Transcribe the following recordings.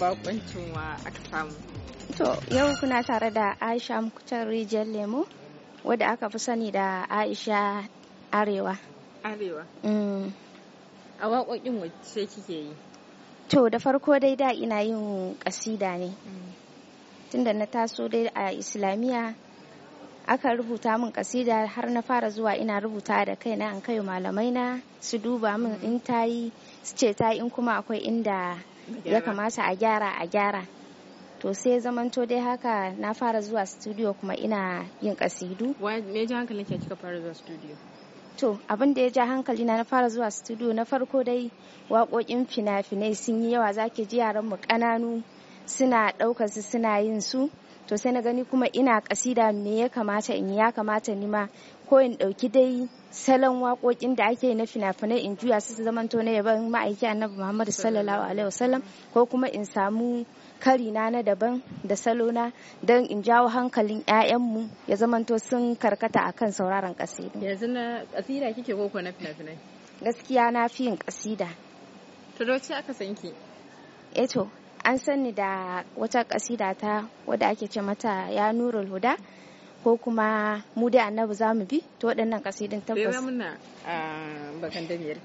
bakoncin wa aka samu. To yau kuna tare da Aisha Mukutar Rijiyar Lemo wadda aka fi sani da Aisha Arewa. Arewa? Mm. A waƙoƙin wacce kike yi? To da farko dai da ina yin ƙasida ne. Mm. Tunda na taso dai a Islamiyya aka rubuta min ƙasida har na fara zuwa ina rubuta da kaina an kai malamai na su duba min mm. in ta yi su ce ta in kuma akwai inda ya kamata a gyara a gyara to sai zamanto dai haka na fara zuwa studio kuma ina yin kasidu me ji hankalin ke kika fara zuwa studio to abin da ya ja hankali na na fara zuwa studio na farko dai waƙoƙin fina-finai sun yi yawa zaki ji yaran mu ƙananu suna ɗaukar su suna yin su to sai na gani kuma ina kasida me ya kamata in ya kamata ni ma ko in ɗauki dai salon waƙoƙin da ake na fina-finai in juya su zamanto na yaban ma'aiki annabi muhammadu sallallahu alaihi wasallam ko kuma in samu kari na na daban da salona don in jawo hankalin 'ya'yanmu ya to sun karkata akan sauraron kasidu yanzu na kasida kike koko na fina-finai gaskiya na fi yin kasida turoci aka san ki eto eh an sani da wata kasida ta wadda ake ce mata ya nurul huda ko kuma mu da annabi za mu bi to waɗannan kasidin tabbas. muna a bakan damiyar.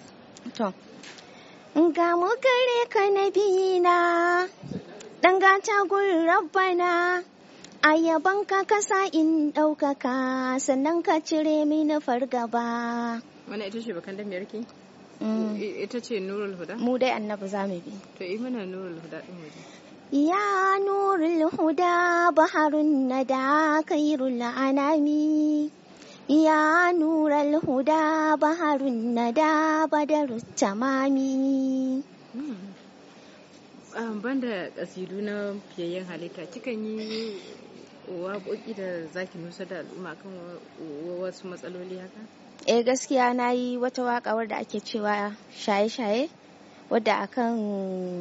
To. Ga mu kare ka na ɗan gata gun rabbana a yaban ka kasa in ɗaukaka sannan ka cire mini fargaba. Wani ita ce bakan damiyar ki? Mm. Ita ce Nurul Huda? Mu dai annabi za mu bi. To, imana Nurul Huda ɗin waje. يا نور الهدى بحر الندى خير الأنام يا نور الهدى بحر الندى بدر التمام banda kasidu na fiyayyen halitta kikan yi waƙoƙi da zaki nusa da al'umma kan wasu matsaloli haka? eh gaskiya na yi wata waƙa wadda ake cewa shaye-shaye wadda akan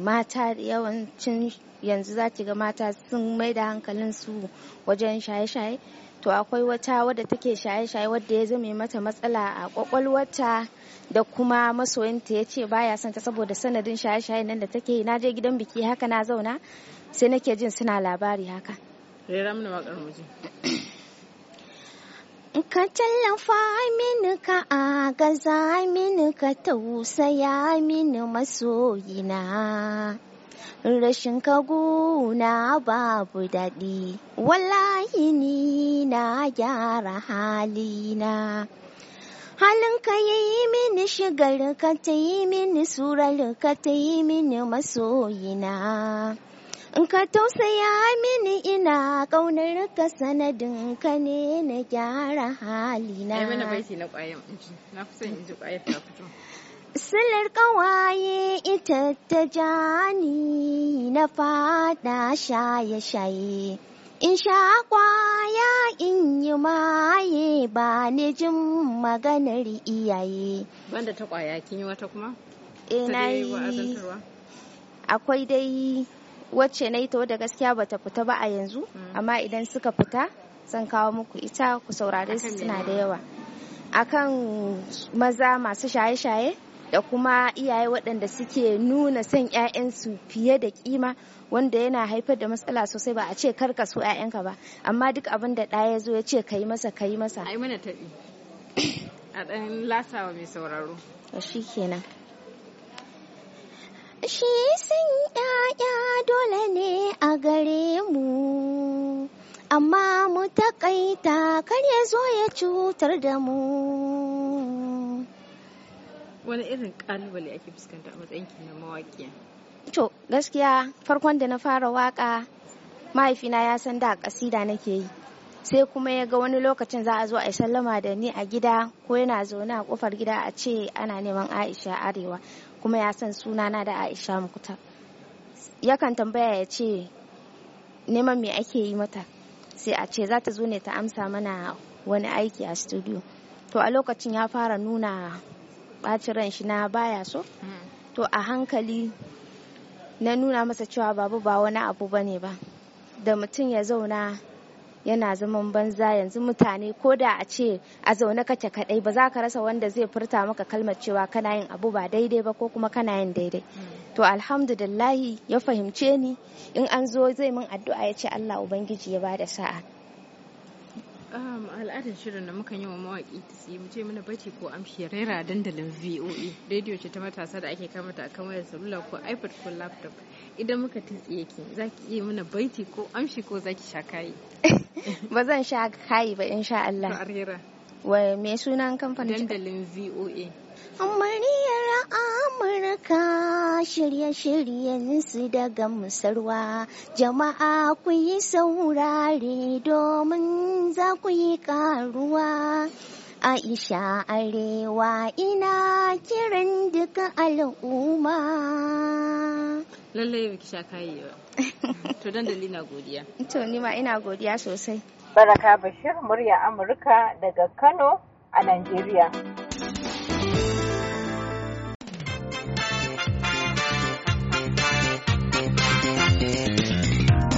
mata yawancin yanzu za ki ga mata sun mai da hankalin su wajen shaye-shaye to akwai wata wadda take shaye-shaye wadda ya zame mata matsala a kwakwalwarta da kuma masoyinta ya ce baya son ta saboda sanadin shaye-shaye nan da take na je gidan biki haka na zauna sai nake jin suna labari haka Ka tallafa mini ka agaza mini ka tausaya mini masoyina. Rashin ka guna babu daɗi, wallahi ni na gyara halina. halin ka yi mini shigar ka ta yi mini surar ka ta yi mini masoyina In ka tausaya mini ina ƙaunar ka sanadin ka ne na gyara halina. Ai mana baiti na ƙwayan inji, na fi son inji ta fito. Silar ƙawaye ita ta jani na fada shaye-shaye. In sha ƙwaya in yi maye ba ni jin maganar iyaye. Banda ta ƙwaya kin yi wata kuma? Ina eh, yi. Akwai dai wacce na yi ta wadda gaskiya bata fita ba a yanzu mm. amma idan suka fita zan kawo muku ita ku saurare su suna da yawa akan maza masu shaye-shaye da kuma iyaye waɗanda suke nuna son 'ya'yansu fiye da kima wanda yana haifar da matsala sosai ba a ce karka so 'ya'yanka ba amma duk abin da ɗaya zo ya ce ka yi masa ka yi masa yi mana taɓi a ɗan lasawa mai sauraro shi kenan shi sun ‘ya'ya dole ne a gare mu, amma mu taƙaita kar ya zo ya cutar da mu. Wani irin ƙalubale ake fuskanta a matsayinki na mawaƙiya? To, gaskiya farkon da na fara waƙa mahaifina ya san da ƙasida nake yi. sai kuma ya ga wani lokacin za a zo a yi sallama da ni a gida ko yana zaune a kofar gida a ce ana neman aisha arewa kuma ya san sunana da aisha mukuta yakan tambaya ya ce neman me ake yi mata sai a ce za ta zo ne ta amsa mana wani aiki a studio to a lokacin ya fara nuna ɓacin ran shi na baya so to a hankali na nuna masa cewa babu ba wani abu ba ne ba da mutum ya zauna yana zaman banza yanzu mutane ko da a ce a zaune kace kadai ba za ka rasa wanda zai furta maka kalmar cewa kana yin abu ba daidai ba ko kuma kana yin daidai to lillahi ya fahimce ni in an zo zai min addu'a ya ce Allah ubangiji ya bada sa'a Um, al'adar shirin da muka yi wa mawaƙi ta siyi mu ce mana bace ko amshi rera dandalin voa rediyo ce ta matasa da ake kamata a kan wayar salula ko ipad ko laptop idan muka tsiye za ki iya mana baiti ko amshi ko za ki sha kayi ba zan sha kayi ba insha Allah wa me sunan kamfanin dandalin voa Muryar Amurka shirye-shiryensu daga musarwa jama'a ku yi saurare domin za ku yi karuwa. Aisha Arewa ina kiran duka al'umma. Lallai yau sha kayi To don dalila godiya. To ni ma ina godiya sosai. Baraka Bashir murya Amurka daga Kano a Najeriya.